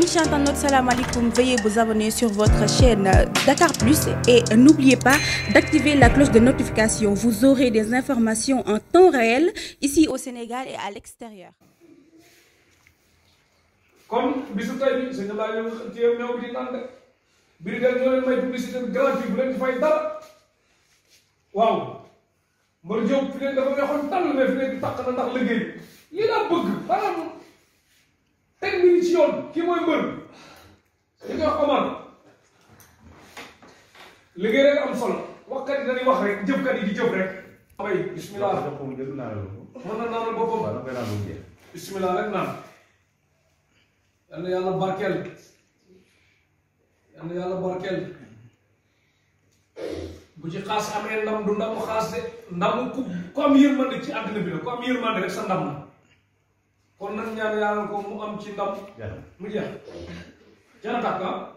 Amis chers internautes, salam alaikum. Veuillez vous abonner sur votre chaîne Dakar Plus et n'oubliez pas d'activer la cloche de notification. Vous aurez des informations en temps réel ici au Sénégal et à l'extérieur. Comme bisu tay bi sëñ Ablaye yow ci yow meew de biir del ñoo leen may publicité gratuite bu leen di fay dara waaw Mor Diop fi leen dafa neexoon tànn mais fi leen di tàq na ndax liggéey li teg mbir yi mooy mbër li nga wax Omar am solo waxkat yi dañuy wax di jëf rek. waaw na naanal boppam bisimilah rek naan yal na yàlla barkeel yal na bu ci xaas amee ndam du ndamu xaas de ndamu ku ku am yërmande ci àddina bi la ku am yërmande sa ndam la. kon nag ñaan yàlla ko mu am ci ndam. mu jeex jana tàkk ah.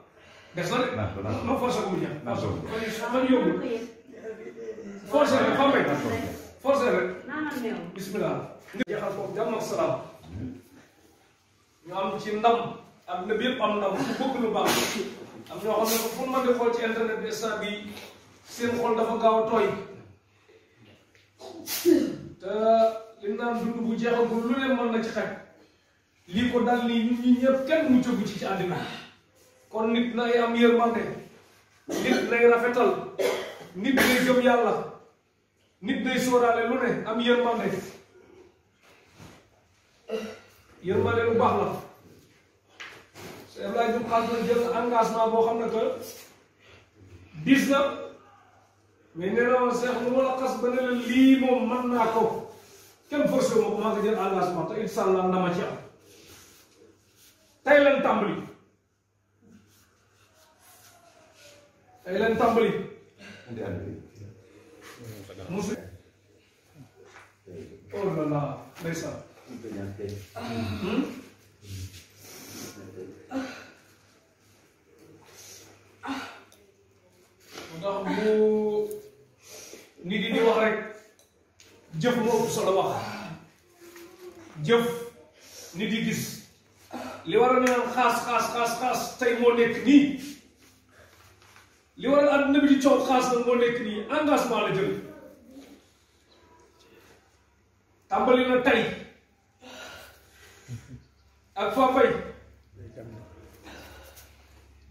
des na de. ma forcé mu jeex. a forcé ko man yóbbu. forcé rek fa mbay. forcé rek. bisimilah. jeexal foofu jàmm am ci ndam. am na bépp am ndam ku bëgg lu baax. am ñoo xam ne fu bi instant bii seen dafa gaaw a tooy. te li naan dund bu jeexagul lu leen na ci xaj. lii ko dal nii ñun ñii ñëpp kenn mu jógu ci ci kon nit nay am yërmande nit nay rafetal nit day gëm yàlla nit day sóoraale lu ne am yërmande yërmande lu baax la Cheikh Ibrahima Diop xaas na jël engagement boo xam ne que diis na mais nee na woon Cheikh lu ma la xas ba ne la lii moom mën naa ko kenn forcé ma ko maa ngi jël engagement te incha allah na ma ci am tey leen tàmbali tey leen tàmbali musu oh là là ndeysaan hmm? ndax bu nit yi di wax rek jëf moo ëpp solo wax jëf gis li war a ñu naan xaas xaas xaas tey moo nekk li war a àdduna bi di coow xaas nag moo nekk nii engagement la jël na tey ak faa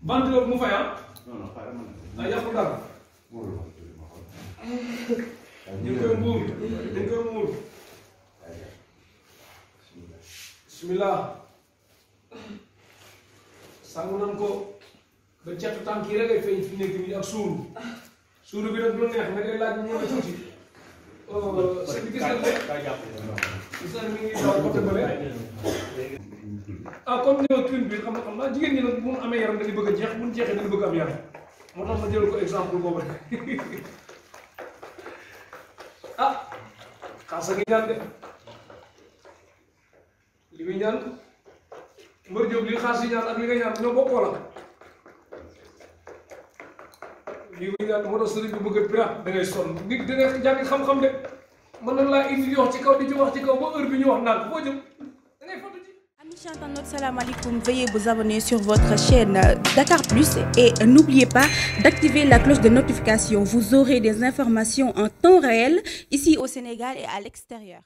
bant loolu mu fay ah ah yàqu dara ñu koy muur ñu koy bismillah sangu nañ ko ba cetu tànk yi rek ak suuru suuru bi nag du neex nga dee laaj ñu ne gis nañ mi ngi doon côté bële. ah comme ñëw twin bi xam yaram dañu bëgg a jeex bu am yaram moo tax ma jël ko exemple boobu rek ah xaasa de eh. li muy ñaan. Mbër Diop li xaas yi ñaan ak li nga ñaan ñoo bokk wala lii nga ñaan moo tax sëriñ bi bëgg a pira da ngay sonn nit da ngay jàng xam-xam de mën na laa indi yox ci kaw di ci wax ci kaw ba heure bi ñu wax naan foo jëm da ngay fottu ci ami chantanot salaamaaleykum veuillez vous abonner sur votre chaîne euh, Dakar Plus et euh, n'oubliez pas d'activer la cloche de notification vous aurez des informations en temps réel ici au Sénégal et à l'extérieur